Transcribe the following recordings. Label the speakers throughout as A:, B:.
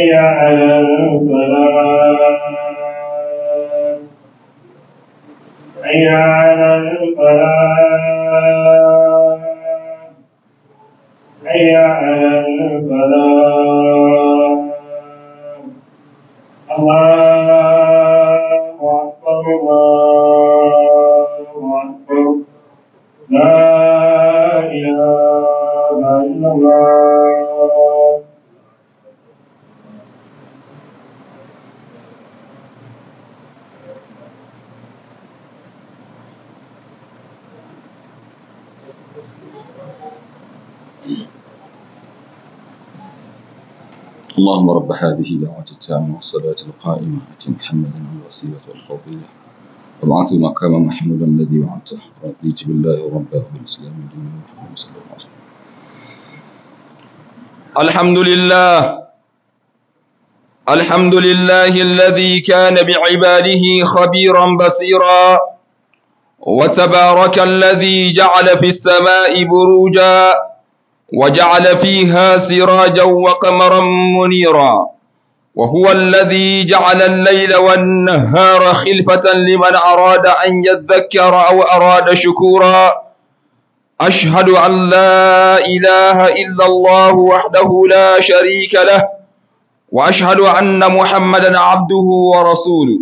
A: حي على الصلاة حي على الصلاة حي على الصلاة الله اللهم رب هذه دعوة التامة والصلاة القائمة أتي محمدا الوسيلة والفضيلة وابعث مقام محمودا الذي وعدته رضيت بالله ربا وبالإسلام دينا محمد صلى الله عليه وسلم الحمد لله الحمد لله الذي كان بعباده خبيرا بصيرا وتبارك الذي جعل في السماء بروجا وجعل فيها سراجا وقمرا منيرا وهو الذي جعل الليل والنهار خلفة لمن أراد أن يذكر أو أراد شكورا أشهد أن لا إله إلا الله وحده لا شريك له وأشهد أن محمدا عبده ورسوله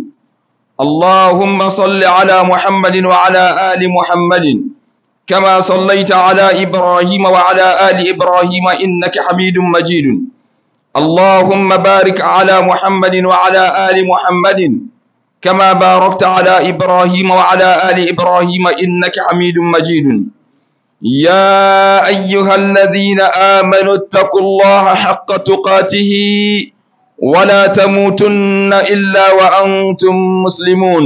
A: اللهم صل على محمد وعلى آل محمد كما صليت على إبراهيم وعلى آل إبراهيم إنك حميد مجيد اللهم بارك على محمد وعلى آل محمد كما باركت على إبراهيم وعلى آل إبراهيم إنك حميد مجيد يا أيها الذين آمنوا اتقوا الله حق تقاته ولا تموتن إلا وأنتم مسلمون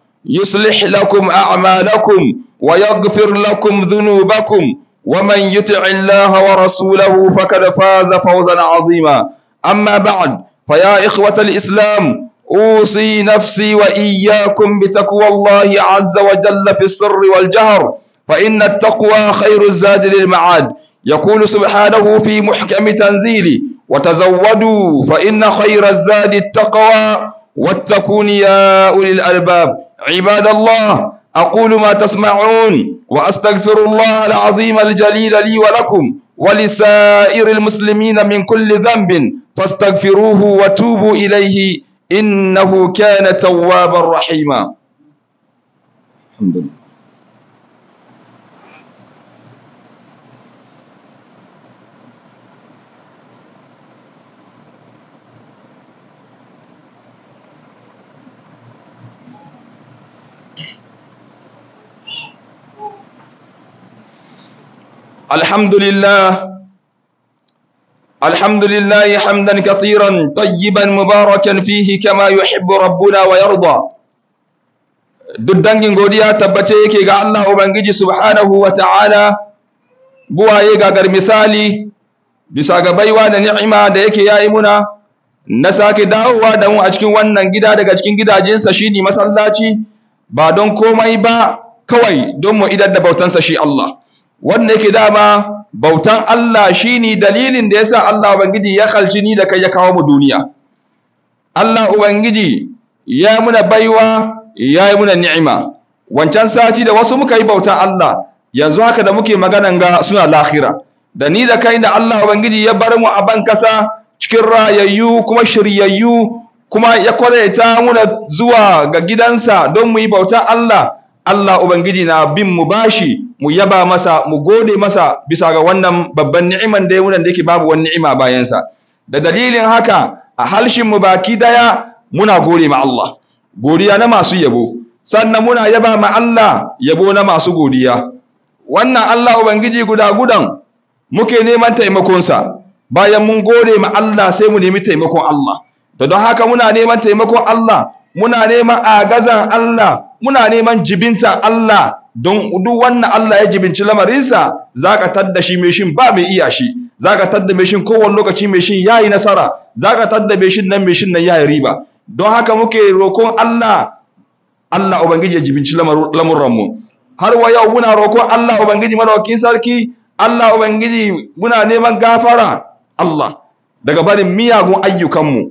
A: يصلح لكم أعمالكم ويغفر لكم ذنوبكم ومن يطع الله ورسوله فقد فاز فوزا عظيما أما بعد فيا إخوة الإسلام أوصي نفسي وإياكم بتقوى الله عز وجل في السر والجهر فإن التقوى خير الزاد للمعاد يقول سبحانه في محكم تنزيلي وتزودوا فإن خير الزاد التقوى واتقون يا أولي الألباب عباد الله أقول ما تسمعون وأستغفر الله العظيم الجليل لي ولكم ولسائر المسلمين من كل ذنب فاستغفروه وتوبوا إليه إنه كان توابا رحيما الحمد لله الحمد لله الحمد لله حمدا كثيرا طيبا مباركا فيه كما يحب ربنا ويرضى duk dangin godiya tabbace yake ga Allah Ubangiji subhanahu wa ta'ala buwaye misali bisa ga baiwa da ni'ima da yake yayi muna na sake da mu a cikin wannan gida daga cikin gidajensa shine masallaci ba don komai ba kawai don mu idan da bautansa shi Allah wanda yake dama bautan Allah shi ne dalilin da ya sa Allah ubangiji ya halci ni da kai ya kawo mu duniya Allah ubangiji ya yi muna baiwa ya yi muna ni'ima wancan sati da wasu muka yi bautan Allah yanzu haka da muke maganan ga suna lahira da ni da kai da Allah ubangiji ya bar mu a ban kasa cikin rayayyu kuma shiryayyu kuma ya kwaraita muna zuwa ga gidansa don mu yi bautan Allah Allah ubangiji na bin mu bashi mu yaba masa mu gode masa bisa ga wannan babban ni'iman da ya wurin da yake babu wani ni'ima bayan sa da dalilin haka a halshin mu baki daya muna gode ma Allah godiya na masu yabo sannan muna yaba ma Allah yabo na masu godiya wannan Allah ubangiji guda gudan muke neman taimakonsa bayan mun gode ma Allah sai mu nemi taimakon Allah to don haka muna neman taimakon Allah muna neman agazan Allah muna neman jibinta Allah don duk wannan Allah ya jibinci lamarinsa zaka tadda shi mai shin ba mai iya shi zaka tadda mai shin kowanne lokaci mai shin yayi nasara zaka tadda mai shin nan mai shin nan yayi riba don haka muke roƙon Allah Allah ubangiji ya jibinci lamurran mu har wa yau muna roƙon Allah ubangiji madaukakin sarki Allah ubangiji muna neman gafara Allah daga barin miyagun ayyukanmu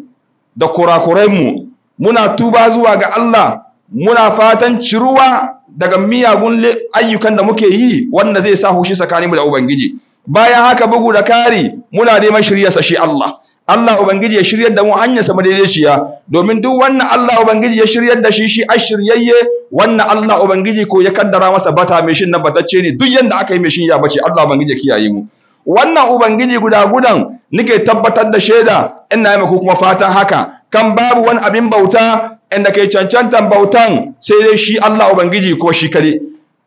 A: da kurakuranmu muna tuba zuwa ga Allah muna fatan ciruwa daga miyagun ayyukan da muke yi wanda zai sa hushi tsakaninmu da ubangiji bayan haka bugu da kari muna neman shiryarsa shi Allah Allah ubangiji ya shiryar da mu hanyar sa madaidaiciya domin duk wannan Allah ubangiji ya shiryar da shi shi a shiryayye wannan Allah ubangiji ko ya kaddara masa bata mai shin nan batacce ne duk yanda aka yi mai shin ya bace Allah ubangiji ya kiyaye mu wannan ubangiji guda gudan nake tabbatar da shaida ina yi maka kuma fatan haka kan babu wani abin bauta inda kai cancantan bautan sai dai shi Allah ubangiji ko shi kare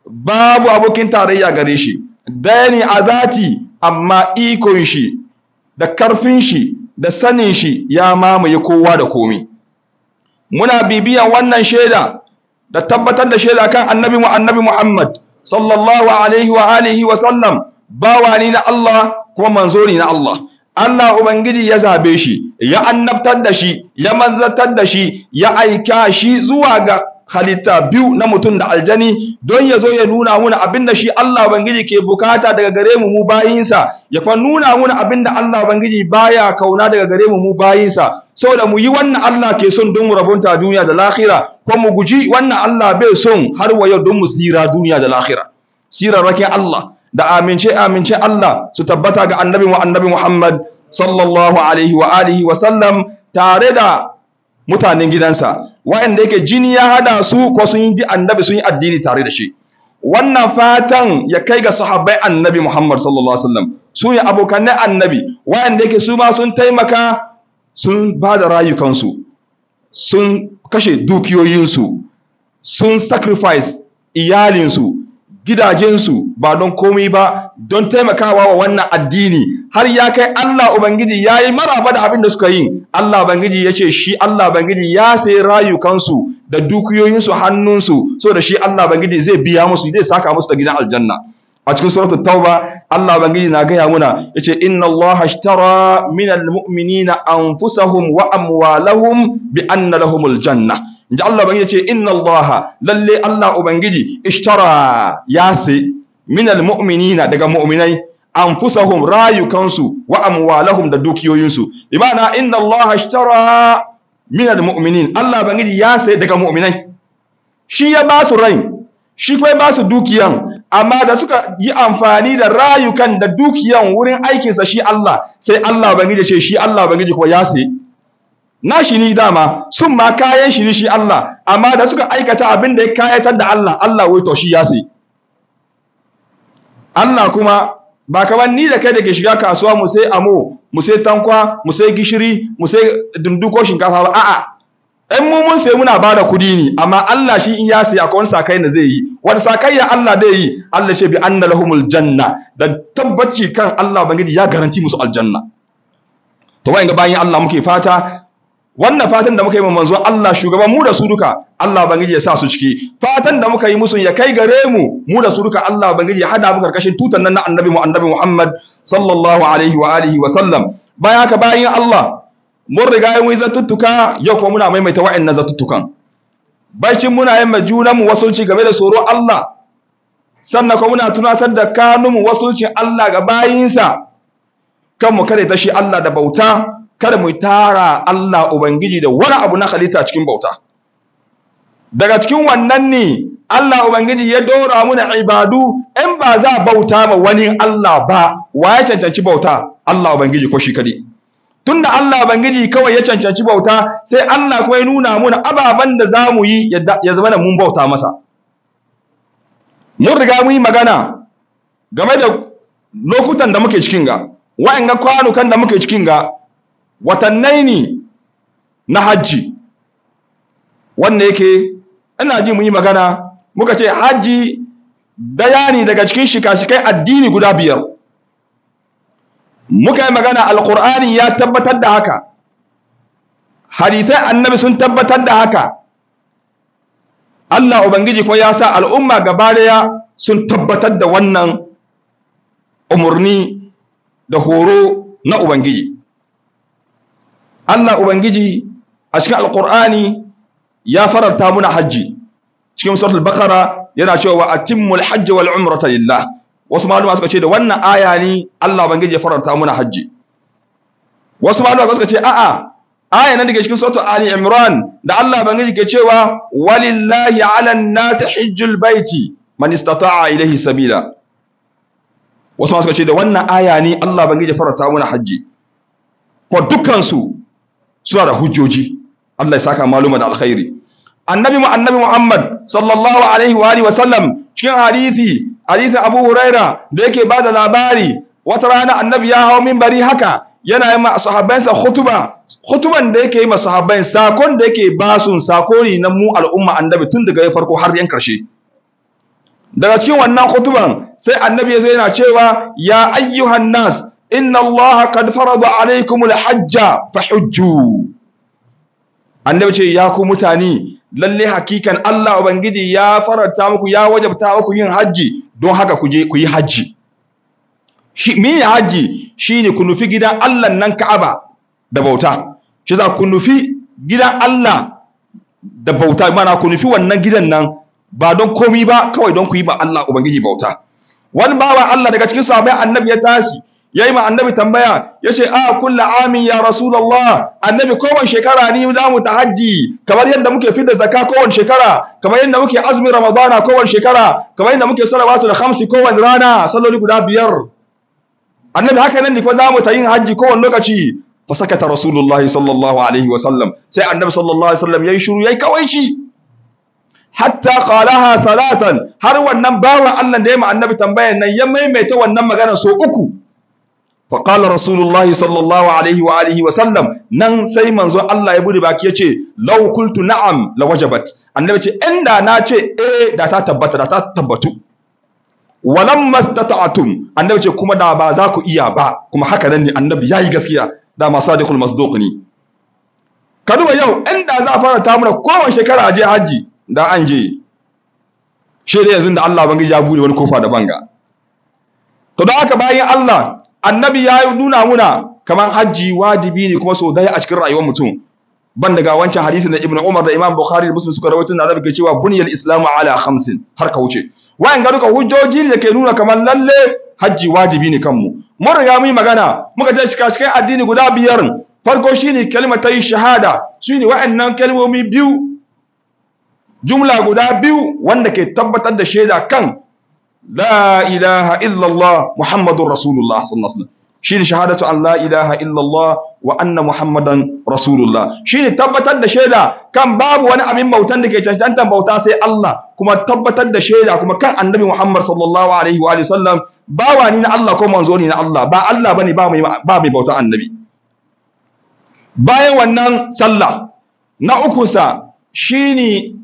A: babu abokin tarayya gare shi dani a zati amma ikon shi da karfin shi da sanin shi ya mamaye kowa da komi muna bibiyan wannan shaida da tabbatar da shaida kan annabi mu annabi Muhammad sallallahu alaihi wa alihi wa sallam bawa na Allah kuma manzo ni na Allah Allah Ubangiji ya zabe shi, ya annabtar da shi, ya manzatar da shi, ya aika shi zuwa ga halitta biyu na mutum da aljani don ya zo ya nuna muna abinda shi Allah Ubangiji ke bukata daga gare mu mu bayinsa, ya kuma nuna muna abinda Allah Ubangiji baya kauna daga gare mu mu bayinsa. Saboda mu yi wannan Allah ke son don mu rabunta duniya da lahira, kuma mu guji wannan Allah bai son har wa yau don mu sira duniya da lahira. Sirarrakin Allah da amince amince Allah su tabbata ga annabi wa annabi Muhammad sallallahu alaihi wa alihi wa sallam tare da mutanen gidansa wa'anda yake jini ya hada su ko sun bi annabi sun yi addini tare da shi wannan fatan ya kai ga sahabbai annabi Muhammad sallallahu alaihi wa sallam. su ne abokan annabi wa'anda yake su ma sun taimaka sun ba da rayukansu sun kashe dukiyoyinsu sun sacrifice iyalinsu gidajensu ba don komai ba don taimakawa wa wannan addini har ya kai Allah Ubangiji ya yi maraba da abin da suka yi Allah Ubangiji ya ce shi Allah Ubangiji ya sayi rayukansu da dukiyoyinsu hannunsu so da shi Allah Ubangiji zai biya musu zai saka musu da gidan aljanna a cikin suratul tauba Allah Ubangiji na gaya muna yace inna Allah ashtara minal mu'minina anfusahum wa amwalahum bi anna lahumul janna inji Allah bangiji ce inna Allah lalle Allah ubangiji ishtara ya sai minal mu'minina daga mu'minai anfusahum rayukansu wa amwalahum da dukiyoyinsu bi ma'ana inna Allah ishtara min mu'minin Allah bangiji ya sai daga mu'minai shi ya ba su rai shi kuma ba su dukiyan amma da suka yi amfani da rayukan da dukiyan wurin aikinsa shi Allah sai Allah bangiji ce shi Allah bangiji kuma ya sai nashi ni dama sun ma kayan shi shi Allah amma da suka aikata abin da ya kayatar da Allah Allah wai to shi ya sai Allah kuma ba kamar ni da kai da ke shiga kasuwa mu sai amo mu sai tankwa mu sai gishiri mu sai dunduko shinkafa ba a'a ɗan mu mun sai muna bada kudi ne amma Allah shi in ya sai akwai wani sakai da zai yi wani sakai ya Allah zai yi Allah shi bi anna lahumul janna da tabbaci kan Allah bangiji ya garanti musu aljanna to wayan ga bayan Allah muke fata wannan fatan da muka yi wa manzo Allah shugaban mu da su duka Allah bangiji ya sa su ciki fatan da muka yi musu ya kai gare mu mu da su duka Allah bangiji ya hada mu karkashin tutan nan na annabi mu annabi Muhammad sallallahu alaihi wa alihi wa sallam bayan haka bayan Allah mun riga mun yi zatuttuka yau kuma muna maimaita wa'annan zatuttukan bacin muna yin majunan mu wasulci game da tsoro Allah sannan kuma muna tunatar da mu wasulci, Allah ga bayinsa kanmu kare ta shi Allah da bauta kada mu tara Allah ubangiji da wani abu na halitta cikin bauta daga cikin wannan ne Allah ubangiji ya dora muna ibadu in ba za bauta ma wani Allah ba wa ya cancanci bauta Allah ubangiji ko shi kadai tunda Allah bangiji kawai ya cancanci bauta sai Allah kuma ya nuna muna ababen da za mu yi ya zama da mun bauta masa mun riga mu yi magana game da lokutan da muke cikin ga wa'anga kwanukan da muke cikin ga watannai ne na hajji wanda yake ina ji mu yi magana muka ce hajji daya ne daga cikin shika-shikai addini guda biyar muka yi magana alkur'ani ya tabbatar da haka hadithai annabi sun tabbatar da haka Allah Ubangiji kuma ya sa al'umma gaba daya sun tabbatar da wannan umarni da horo na Ubangiji. Allah ubangiji a cikin alqur'ani ya faranta muna hajji cikin suratul baqara yana cewa atimmul hajji wal umrata lillah wasu maluma suka ce da wannan aya ne Allah ubangiji ya faranta muna hajji wasu maluma suka ce a'a aya nan dake cikin suratul ali imran da Allah ubangiji ke cewa walillahi 'alan nasi hajjul baiti man istata'a ilayhi sabila wasu ma suka ce da wannan aya ne Allah ubangiji ya faranta muna hajji ko dukkan su suna da hujjoji Allah ya saka maluma da alkhairi annabi mu annabi Muhammad sallallahu alaihi wa alihi wa sallam cikin hadisi hadisi Abu Huraira da yake bada labari wata rana annabi ya hawo minbari haka yana yi ma sahabbansa khutuba. hutuban da yake yi ma sahabban sakon da yake basun sako ne na mu al'umma annabi tun daga farko har yan karshe daga cikin wannan hutuban sai annabi ya zo yana cewa ya ayyuhan nas inna Allah kad farada alaikumul hajja fahujju annabi ce ya ku mutane lalle hakikan Allah ubangiji ya faranta muku ya wajabta muku yin hajji don haka ku je ku yi haji shi mene haji shine ku nufi gidan Allah nan Ka'aba da bauta shi za ku nufi gidan Allah da bauta mana ku nufi wannan gidan nan ba don komi ba kawai don ku yi ma Allah ubangiji bauta wani bawa Allah daga cikin sahabbai annabi ya tashi yayi ma annabi tambaya yace a ah, kullu amin ya rasulullah annabi kowace shekara ni za mu tahajji kamar yadda muke fidda zakka kowace shekara kamar yadda muke azumin ramadana kowace shekara kamar yadda muke salawatu da khamsi kowace rana salloli guda biyar annabi haka nan ne ko za mu ta yin hajji kowace lokaci fa sakata rasulullah sallallahu alaihi wa sallam sai annabi sallallahu alaihi wa sallam yayi shiru yayi kawaici hatta qalaha thalathan har wannan bawa Allah da ya ma annabi tambayan nan ya maimaita wannan magana so uku fa qala rasulullahi sallallahu alaihi wa alihi wa sallam nan sai manzo Allah ya bude baki ya ce laukultu na'am la wajabat annabi ce inda na ce eh da ta tabbata da ta tabbatu walam mastata'tum annabi ce kuma da ba za ku iya ba kuma haka nan ne annabi yayi gaskiya da ma sadiqul masduq ne ka duba yau inda za a fara ta mura kowace shekara je haji da an je shi da yanzu da Allah bangiji ya bude wani kofa da banga to don haka bayan Allah annabi ya nuna muna kamar hajji wajibi ne kuma so dai a cikin rayuwar mutum ban daga wancan hadisin da Ibn Umar da Imam Bukhari da Muslim suka rawaito na ke cewa bunyal islamu ala khamsin har ka wuce wayan ga duka hujjoji ne da ke nuna kamar lalle hajji wajibi ne kanmu mun riga mun magana muka je shika cikin addini guda biyar farko shine kalmatai shahada shine wayannan kalmomi biyu jumla guda biyu wanda ke tabbatar da shaida kan la ilaha illallah Muhammadun rasulullah sallallahu alaihi wasallam shahadatu an la ilaha illallah wa anna muhammadan rasulullah shine tabbatar da shaida kan babu wani abin bautan da ke cancantan bauta sai Allah kuma tabbatar da shaida kuma kan annabi Muhammad sallallahu alaihi wa alihi sallam bawa ni na Allah ko manzo ni na Allah ba Allah bane ba mai ba mai bauta annabi bayan wannan sallah na uku sa shine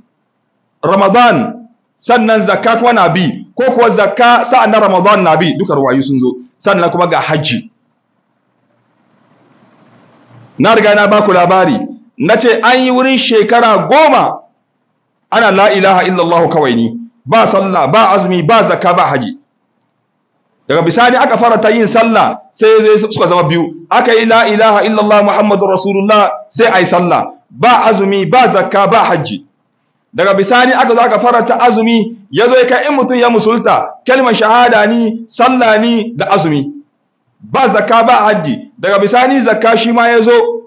A: Ramadan sannan zakka kuma na bi ko kuwa zakka sa'an na ramadan na bi duka ruwayu sun zo sannan kuma ga hajji na riga na baku labari na ce an yi wurin shekara goma ana la ilaha illallah kawai ni ba sallah ba azumi ba zakka ba haji daga bisani aka fara ta yin sallah sai suka zama biyu aka yi la ilaha illallah muhammadur rasulullah sai ai sallah ba azumi ba zakka ba hajji. daga bisani aka zo aka faranta azumi ya zo kai in mutum ya musulta kalmar shahada ni sallah ni da azumi ba zakka ba haddi daga bisani zakka shi ma ya zo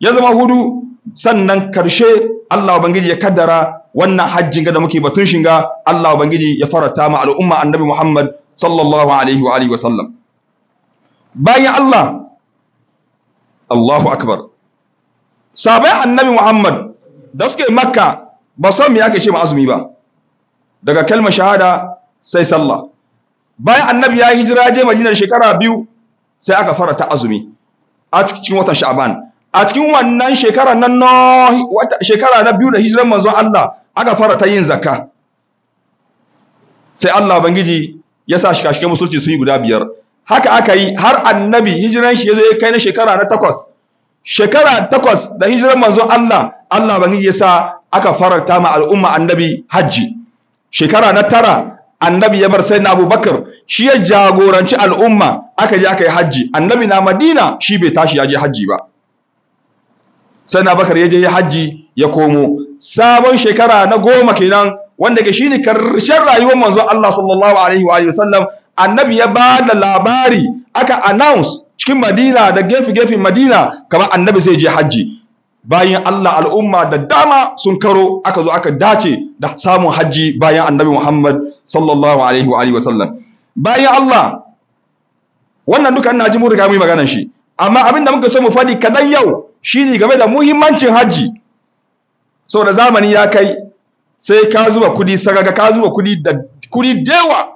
A: ya zama hudu sannan karshe Allah ubangiji ya kaddara wannan hajjin da muke batun shinga Allah ubangiji ya farata ma al'umma annabi Muhammad sallallahu alaihi wa alihi wa sallam bayan Allah Allahu akbar sabai annabi Muhammad da suke makka ba san me yake ce ma azumi ba daga kalma shahada sai sallah bayan annabi ya hijira je madinar shekara biyu sai aka fara ta azumi a cikin watan sha'ban a cikin wannan shekara nan no shekara na biyu da hijiran manzo Allah aka fara ta yin zakka sai Allah bangiji ya sa shi kashikan musulci sun yi guda biyar haka aka yi har annabi hijiran shi ya zo ya kai na shekara na takwas shekara takwas da hijiran manzo Allah Allah bangiji ya sa aka faranta ma al'umma annabi hajji shekara na tara annabi ya bar sayyidina abubakar shi ya jagoranci al'umma aka je aka yi hajji annabi na madina shi bai tashi ya je hajji ba sayyidina abubakar ya je hajji ya komo sabon shekara na goma kenan wanda ke shine karshen rayuwar manzon Allah sallallahu alaihi wa sallam annabi ya ba da labari aka announce cikin Madina da gefe-gefen Madina kamar annabi zai je hajji bayan Allah al'umma da dama sun karo aka zo aka dace da samun hajji bayan annabi Muhammad sallallahu alaihi wa alihi wasallam bayan Allah wannan duka ina ji mu riga mu magana shi amma abin da muka so mu fadi kadan yau shine game da muhimmancin hajji saboda zamani ya kai sai ka zuba kudi sagaga ka zuba kudi da kudi dewa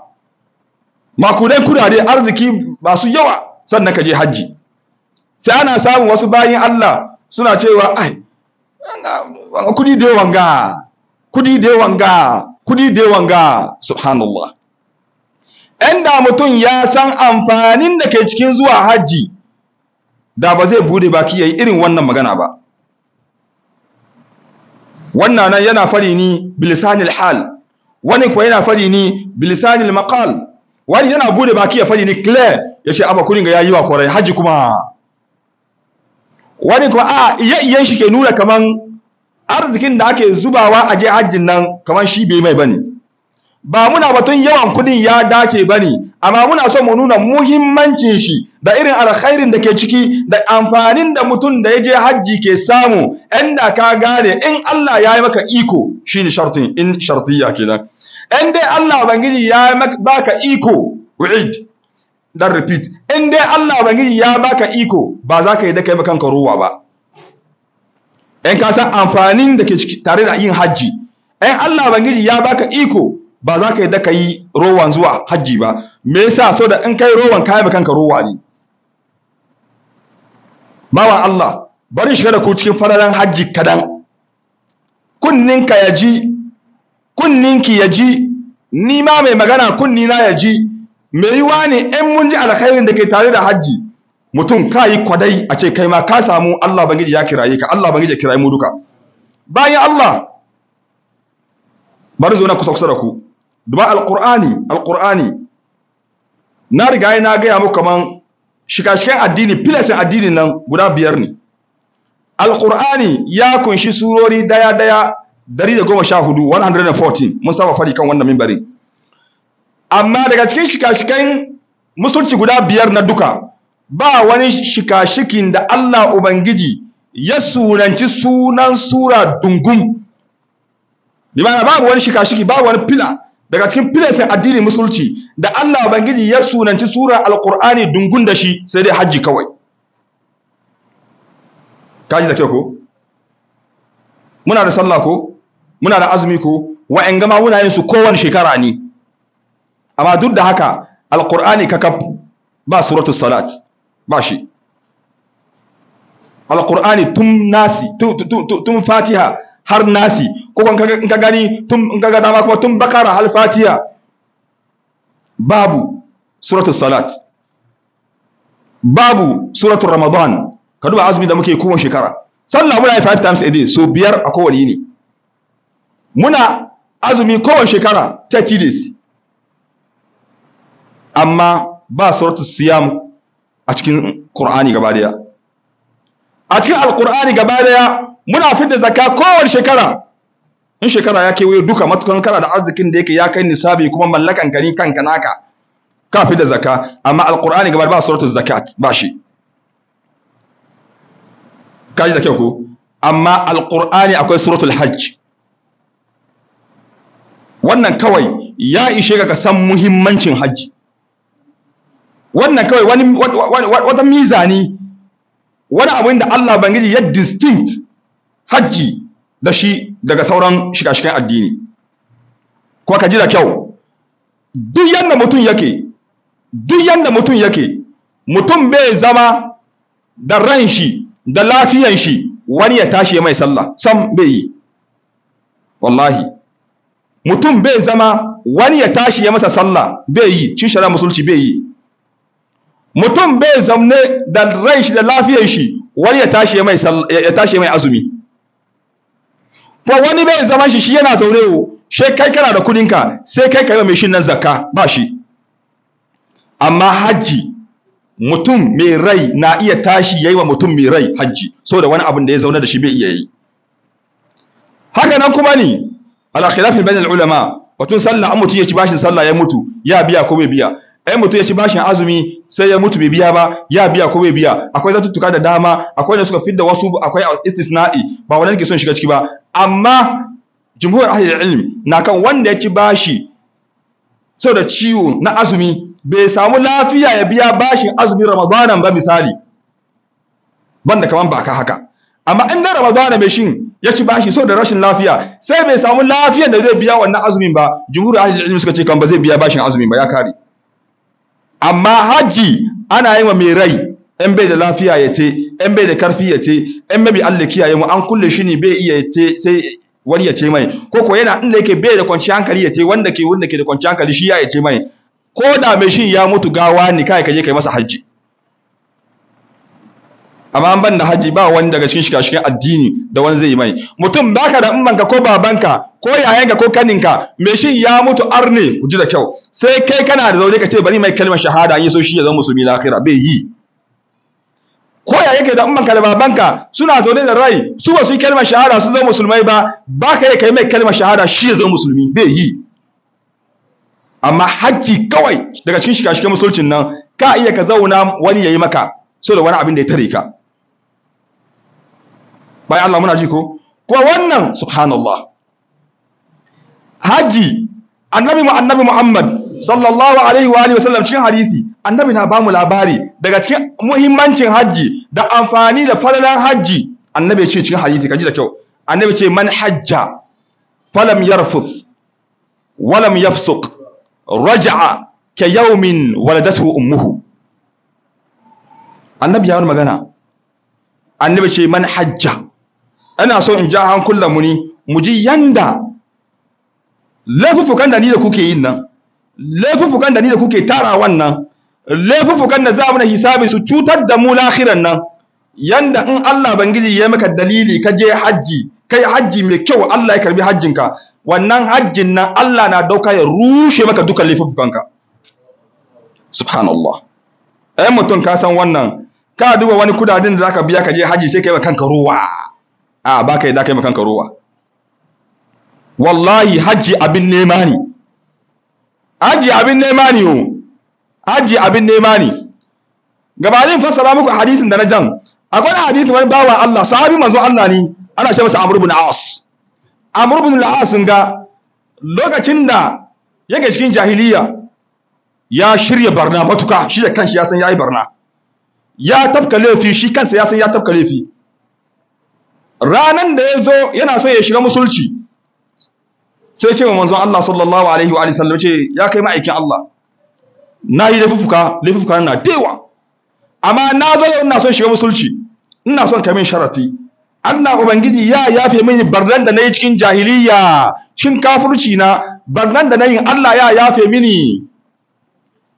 A: makudan kudade arziki masu yawa sannan ka je hajji sai ana samun wasu bayan Allah suna cewa ai kudi da yawan ga kudi da yawan ga kudi da yawan ga subhanallah ɗan da mutum ya san amfanin da ke cikin zuwa hajji da ba zai bude baki yayi irin wannan magana ba wannan nan yana fari ni bilisanil hal wani kuwa yana fari ni bilisanil maqal wani yana bude baki ya fari ni clear yace aba kudin ga yayi wa kwarai hajji kuma wani kuma a iya shi ke nuna kaman arzikin da ake zubawa a je hajjin nan kamar shi bai mai bane ba muna batun yawan kudin ya dace bane amma muna son mu nuna muhimmancin shi da irin alkhairin da ke ciki da amfanin da mutum da ya je hajji ke samu inda ka gane in Allah ya yi maka iko ne shartin in shartiya kenan in dai Allah ubangiji ya yi maka baka iko wa'id dan repeat in dai Allah ubangiji ya baka iko ba za ka yi da kai kanka ruwa ba in ka san amfanin da ke tare da yin hajji in Allah ubangiji ya baka iko ba za ka yi da kai rowan zuwa hajji ba me yasa so da in kai rowan kai ba kanka ruwa ne bawa Allah bari shiga da ku cikin faralan hajji kadan kunninka ya ji kunninki ya ji ni ma mai magana kunni na ya ji me yiwa ne in mun ji alkhairin da ke tare da hajji mutum ka yi kwadai a ce kai ma ka samu Allah bangiji ya kiraye ka Allah bangiji ya kiraye mu duka bayan Allah bari zo na kusa kusa da ku duba alqur'ani alqur'ani na riga na gaya muku kaman shikashikan addini filasin addini nan guda biyar ne alqur'ani ya kunshi surori daya daya 114 mun saba fari kan wannan mimbarin amma daga cikin shika-shikan musulci guda biyar na duka ba wani shika-shikin da Allah Ubangiji ya sunanci sunan sura dungum limana babu wani shika-shiki babu wani fila daga cikin filasin addinin musulci da Allah Ubangiji ya sunanci sura alqur'ani dungun da shi sai dai hajji kawai kaji da ke ko muna da sallah ko muna da azumi ko wa'en gama muna yin su kowane shekara ne amma duk da haka ka kafu ba suratu salat ba shi alqur'ani tun nasi tun fatiha har nasi ko in ka gani tun in ka ga dama kuma tun bakara har fatiha babu suratu salat babu suratu ramadan ka duba azumi da muke kowace shekara sallah muna yi five times a day so biyar a kowane yini muna azumi kowace shekara 30 days amma ba suratu siyam a cikin Qur'ani gaba daya a cikin alqur'ani gaba daya muna fitar zakka kowace shekara in shekara ya kewaye duka matukan kana da arzikin da yake ya kai nisabi kuma mallakan gani kanka naka ka fi da zakka amma alqur'ani gaba ba suratul zakat ba shi kaji da kyau ko amma alqur'ani akwai suratul hajj wannan kawai ya ishe ka san muhimmancin hajji wannan kawai wani wata ne wani abin da Allah bangiji ya distinct hajji da shi daga sauran shiga-shigar addini kuma ka ji da kyau duk yanda mutum yake duk yanda mutum yake mutum bai zama da ran shi da lafiyan shi wani ya tashi mai sallah sam bai yi wallahi mutum bai zama wani ya tashi ya masa sallah bai yi cin shara musulci bai yi mutum bai zamne da ran shi da lafiyar shi wani ya tashi mai azumi wani bai zaman shi shi yana zaune wo sai kai kana da kudin ka sai kai kai mai shin nan zakka ba shi amma hajji mutum mai rai na iya tashi yayi wa mutum mai rai haji da wani abin da ya zauna da shi bai iya yi haka nan kuma ni ala khilafin bainal ulama wato sallah an mutum ya ci bashin sallah ya mutu ya biya ko bai biya ai mutum ya ci bashin azumi sai ya mutu bai biya ba ya biya ko bai biya akwai zatuttuka da dama akwai da suka fidda wasu akwai istisna'i ba wanda ke son shiga ciki ba amma jumhur ahli ilm na kan wanda ya ci bashi sau da ciwo na azumi bai samu lafiya ya biya bashin azumin ramadanan ba misali banda kaman ba ka haka amma in na ramadana mai shin ya ci bashi sau da rashin lafiya sai bai samu lafiyan da zai biya wannan azumin ba jumhur ahli ilm suka ce kan ba zai biya bashin azumin ba ya kare amma hajji ana yi wa mai rai in bai da lafiya ya ce in bai da karfi ya ce in mabi Allah kiyaye mu an kulle shi ne bai iya ce sai wani ya ce mai ko ko yana inda yake bai da kwanciyar hankali ya ce wanda ke wurin da ke da kwanciyar hankali shi ya ce mai ko da mai shi ya mutu gawa ne kai ka je kai masa hajji amma an ban da haji ba wani daga cikin shiga-shigan addini da wani zai yi mai mutum baka da ummanka ko babanka ko yayanka ko kaninka me shi ya mutu arne ku ji da kyau sai kai kana da zaune ka ce bari mai kalmar shahada an yi so shi ya zama musulmi na bai yi ko yayanka da ummanka da babanka suna zaune da rai su ba su yi kalmar shahada su zama musulmai ba baka yi kai mai kalmar shahada shi ya zama musulmi bai yi amma hajji kawai daga cikin shiga-shigan musulcin nan ka iya ka zauna wani ya yi maka saboda da wani abin da ya tare ka bai Allah muna ji ko kuwa wannan subhanallah haji annabi mu annabi Muhammad sallallahu alaihi wa alihi wasallam cikin hadisi annabi na bamu labari daga cikin muhimmancin haji da amfani da falalan haji annabi ya ce cikin hadisi kaji da kyau annabi ce man hajja falam yarfuth walam yafsuq raja'a ka yawmin waladatu ummuhu annabi ya wani magana annabi ce man hajja ina so in ja hankulan mu ni mu ji yanda laifufukan da ni da kuke yin nan laifufukan da ni da kuke tara wannan laifufukan da za mu na hisabi su cutar da mu lahiran nan yanda in Allah bangiji ya maka dalili ka je hajji kai hajji mai kyau Allah ya karbi hajjinka wannan hajjin nan Allah na dauka ya rushe maka dukkan ka. subhanallah ai mutum ka san wannan ka duba wani kudadin da zaka biya ka je haji sai kai wa kanka ruwa a ba yadda da ka yi makanka ruwa wallahi hajji abin nema ne hajji abin nema ne o hajji abin nema ne gabanin fassara muku hadisin da na jan akwai hadisin wani bawa Allah sahabi manzo Allah ne ana shi masa Amr ibn As Amr ibn As ga lokacin da yake cikin jahiliya ya shirya barna matuka shi da kanshi ya san yayi barna ya tafka laifi shi kansa ya san ya tafka laifi ranan da ya zo yana so ya shiga musulci sai ce wa manzon Allah sallallahu alaihi wa sallam ce ya kai ma'aikin Allah na yi da fufuka na tewa amma na zo ina son shiga musulci ina son kamin min sharati Allah ubangiji ya yafe mini barnan da nayi cikin jahiliya cikin kafirci na barnan da nayi Allah ya yafe mini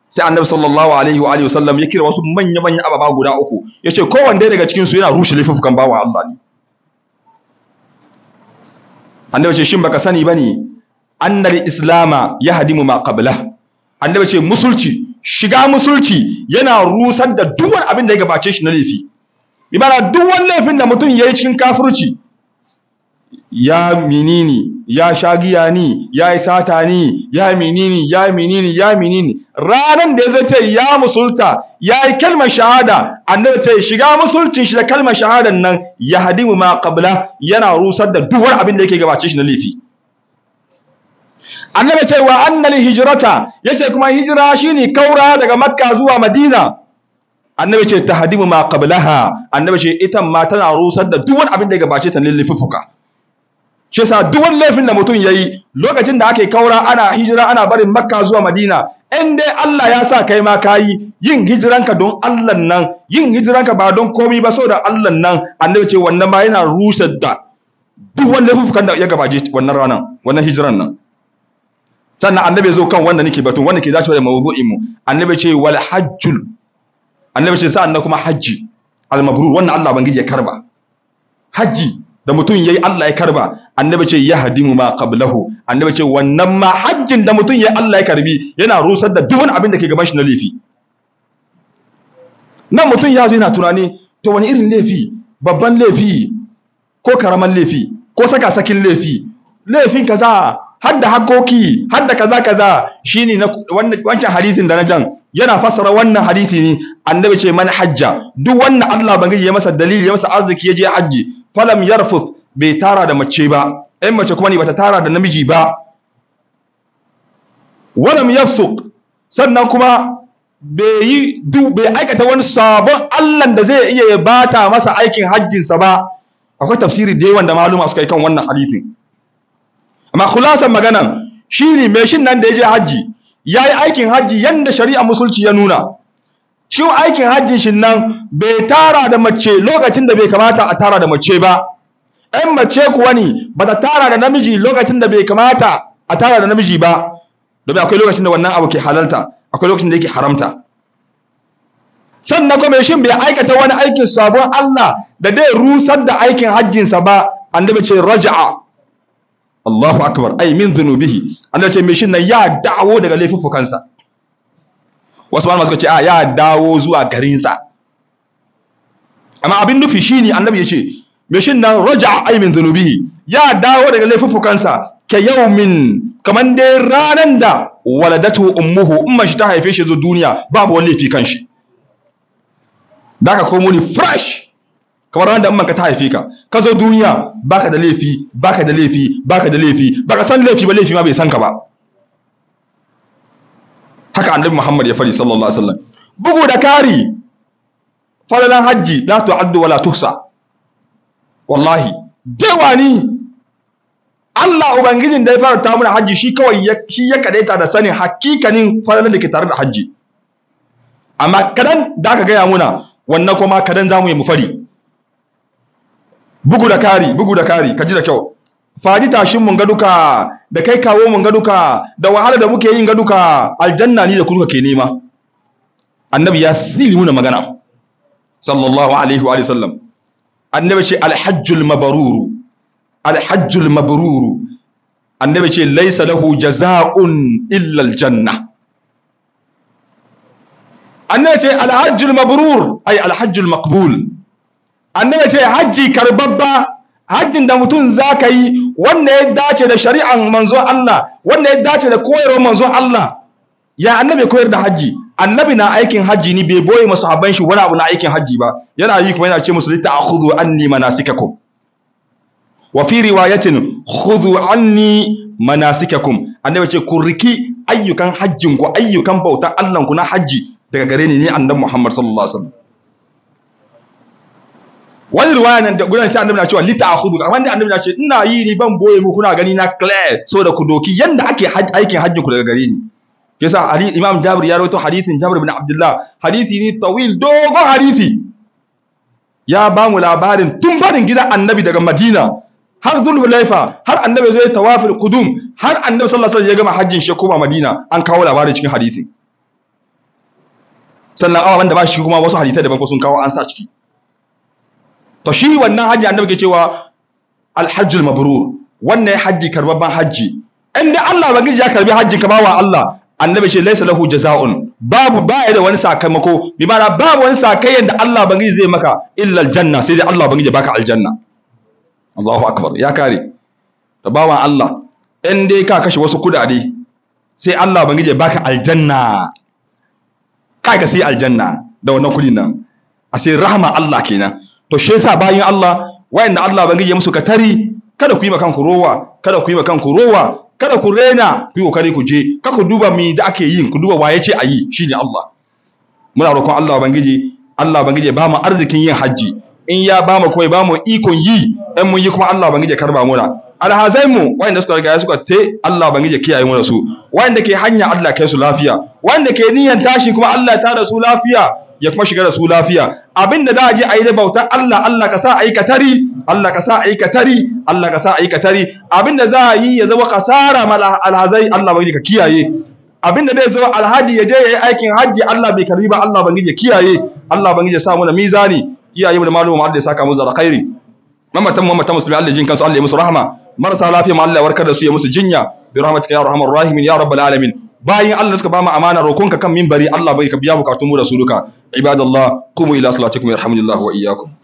A: sai annabi sallallahu alaihi wa alihi sallam ya kira wasu manya manya ababa guda uku yace kowanne daga cikin su yana rushe lifufukan bawa Allah ne annabi ce shin baka sani bane annal islama yahdimu ma qabla annabi ce musulci shiga musulci yana rusar da duk wani abin da ya gabace shi na laifi bi mana duk wani laifin da mutum yayi cikin kafirci ya minini ya shagiya ni ya yi sata ni ya minini ya minini ya minini ranan da zai ce ya musulta ya yi kalmar shahada annabi ce shiga musulcin shi da kalmar shahadan nan ya hadimu ma qabla yana rusar da duk wani abin da yake gabace shi na lifi annabi ce wa annal hijrata yace kuma hijira shine kaura daga makka zuwa madina annabi ce tahdimu ma qablaha annabi ce ita ma tana rusar da duk wani abin da ya gabace ta na lifufuka shi yasa duk wani laifin da mutum ya yi lokacin da ake kaura ana hijira ana barin makka zuwa madina in dai Allah ya sa kai ma ka yi, yin hijiranka don Allah nan yin hijiranka ba don komi ba saboda Allah nan annabi ce wannan ma yana rushe da duk wani laifukan da ya gabaje wannan ranar, wannan hijiran nan sannan annabi zo kan wanda nake batun wanda ke dacewa da mawdu'in mu annabi ce wal hajjul annabi ce sa na kuma hajji al mabrur wannan Allah bangiji ya karba haji da mutum yayi Allah ya karba annabi ce yahdimu ma qablahu annabi ce wannan ma hajjin da mutum ya Allah ya karbi yana rusar da duk abin da ke gaban shi na laifi nan mutum ya zina tunani to wani irin laifi babban laifi ko karaman laifi ko saka sakin laifi laifin kaza har da hakoki har da kaza kaza shine na wancan hadisin da na jan yana fassara wannan hadisi ne annabi ce man hajja duk wannan Allah bangiji ya masa dalili ya masa arziki ya je haji falam yarfuth bai tara da mace ba ɗan mace kuma ne ta tara da namiji ba walam yafsuq sannan kuma bai aikata wani sabon allahn da zai iya ya bata masa aikin hajjinsa ba akwai tafsiri da yawan da maluma suka yi kan wannan hadisin amma maganan shi ne mai shin nan da ya je hajji ya yi aikin hajji yadda shari'a musulci ya nuna cikin aikin hajjin shi nan bai tara da mace lokacin da bai kamata a tara da mace ba ɗan mace kuwa ne ba ta tara da namiji lokacin da bai kamata a tara da namiji ba domin akwai lokacin da wannan abu ke halalta akwai lokacin da yake haramta sannan kuma shin bai aikata wani aikin sabon Allah da dai rusar da aikin hajjinsa ba annabi ce raja'a Allahu akbar ai min dhunubihi annabi ce mai shin nan ya dawo daga laifuffukansa wasu ba suka ce a ya dawo zuwa garinsa amma abin nufi shine annabi ya ce mai nan raja ai min zunubihi ya dawo daga laifufukansa yau min. kamar dai ranar da waladatu ummuhu umman shi ta haife shi zo duniya babu wani laifi kan shi da ka komo ni fresh kamar ranar da umman ka ta haife ka ka zo duniya baka da laifi baka da laifi baka da laifi baka san laifi ba laifi ma bai san ka ba haka annabi Muhammad ya fari sallallahu alaihi wasallam bugu da kari fadalan hajji la tu'addu wa la tuhsa wallahi daiwa ni Allah ubangijin da ya fara ta muna hajji shi kawai shi ya ta da sanin hakikanin falalan da ke tare da hajji amma kadan da aka gaya muna wannan kuma kadan za mu yi mu bugu da kari bugu da kari ka ji da kyau fadi tashin mun ga duka da kai kawo mun ga duka da wahala da muke yin ga duka aljanna ni da kuka ke nema annabi ya sili muna magana sallallahu alaihi wa sallam annabi ce alhajjul mabruru alhajjul mabruru annabi ce laisa lahu jaza'un illa aljanna annabi ce alhajjul mabrur ay alhajjul maqbul annabi ce haji karbabba hajjin da mutum zaka yi wanda ya dace da shari'an manzon Allah wanda ya dace da koyarwar manzon Allah ya annabi koyar da haji annabi na aikin hajji ni bai boye masahaban shi wani abu na aikin hajji ba yana yi kuma yana ce musu lita'khudhu anni manasikakum wa fi riwayatin khudhu anni manasikakum annabi ce ku riki ayyukan hajjin ku ayyukan bauta Allah ku na hajji daga gare ni ni annabi Muhammad sallallahu alaihi wasallam wani riwaya nan da gudan sai annabi na cewa lita'khudhu amma ni annabi na ce ina yi ni ban boye mu kuna gani na clear so da ku doki yanda ake aikin hajjin ku daga gare ni yasa hadith imam jabir ya rawaito hadithin jabir bin abdullah hadisi ne tawil dogo hadisi ya ba mu labarin tun barin gidan annabi daga madina har zulhulaifa har annabi zai tawafil qudum har annabi sallallahu alaihi wasallam ya gama hajjin shi koma madina an kawo labarin cikin hadisi sannan awa wanda ba shi kuma wasu hadisai daban ko sun kawo an sa ciki to shi wannan hajji annabi ke cewa alhajjul mabrur wannan haji karbabban haji, inda Allah ba ya karbi hajjin ka ba wa Allah annabi ce laisa lahu jaza'un babu baya da wani sakamako bi ma'ana babu wani sakayyan da Allah bangiji zai maka illa aljanna sai dai Allah bangiji baka aljanna Allahu akbar ya kare da bawan Allah in dai ka kashe wasu kudade sai Allah bangiji baka aljanna kai ka sai aljanna da wannan kudin nan a sai rahama Allah kenan to shi yasa bayan Allah wayanda Allah bangiji ya musu katari kada ku yi makan ku rowa kada ku yi makan ku rowa kada ku rena ku yi kokari ku je ka ku duba mi da ake yin ku duba wa yace a yi shine Allah muna roƙon Allah ubangiji Allah ubangiji ba mu arzikin yin haji in ya ba mu kuma ba mu ikon yi dan mun yi kuma Allah ubangiji karba na alhazai mu wanda suka riga suka te Allah ubangiji kiyaye mu da su wanda ke hanya Allah kai su lafiya wanda ke niyan tashi kuma Allah ta da su lafiya ya kuma shiga da su lafiya abinda da a je a yi da bauta Allah Allah ka sa aikatari Allah ka sa aikatari Allah ka sa aikatari abinda za a yi ya zama kasara ma alhazai Allah bangiji ka kiyaye abinda zai zama alhaji ya je ya yi aikin hajji Allah bai karbi ba Allah bangiji ya kiyaye Allah bangiji ya sa mu da mizani iyaye mu da malumu Allah ya saka mu da khairi mamatan mamatan musulmi Allah jin kansu Allah ya musu rahama marasa lafiya ma Allah ya warkar da su ya musu jinya bi rahmatika ya arhamar rahimin ya rabbal alamin bayin Allah suka ba mu amana rokonka kan minbari Allah bai ka biya bukatun mu da su ibadallah qumu ila salatikum yarhamdulillah wa iyyakum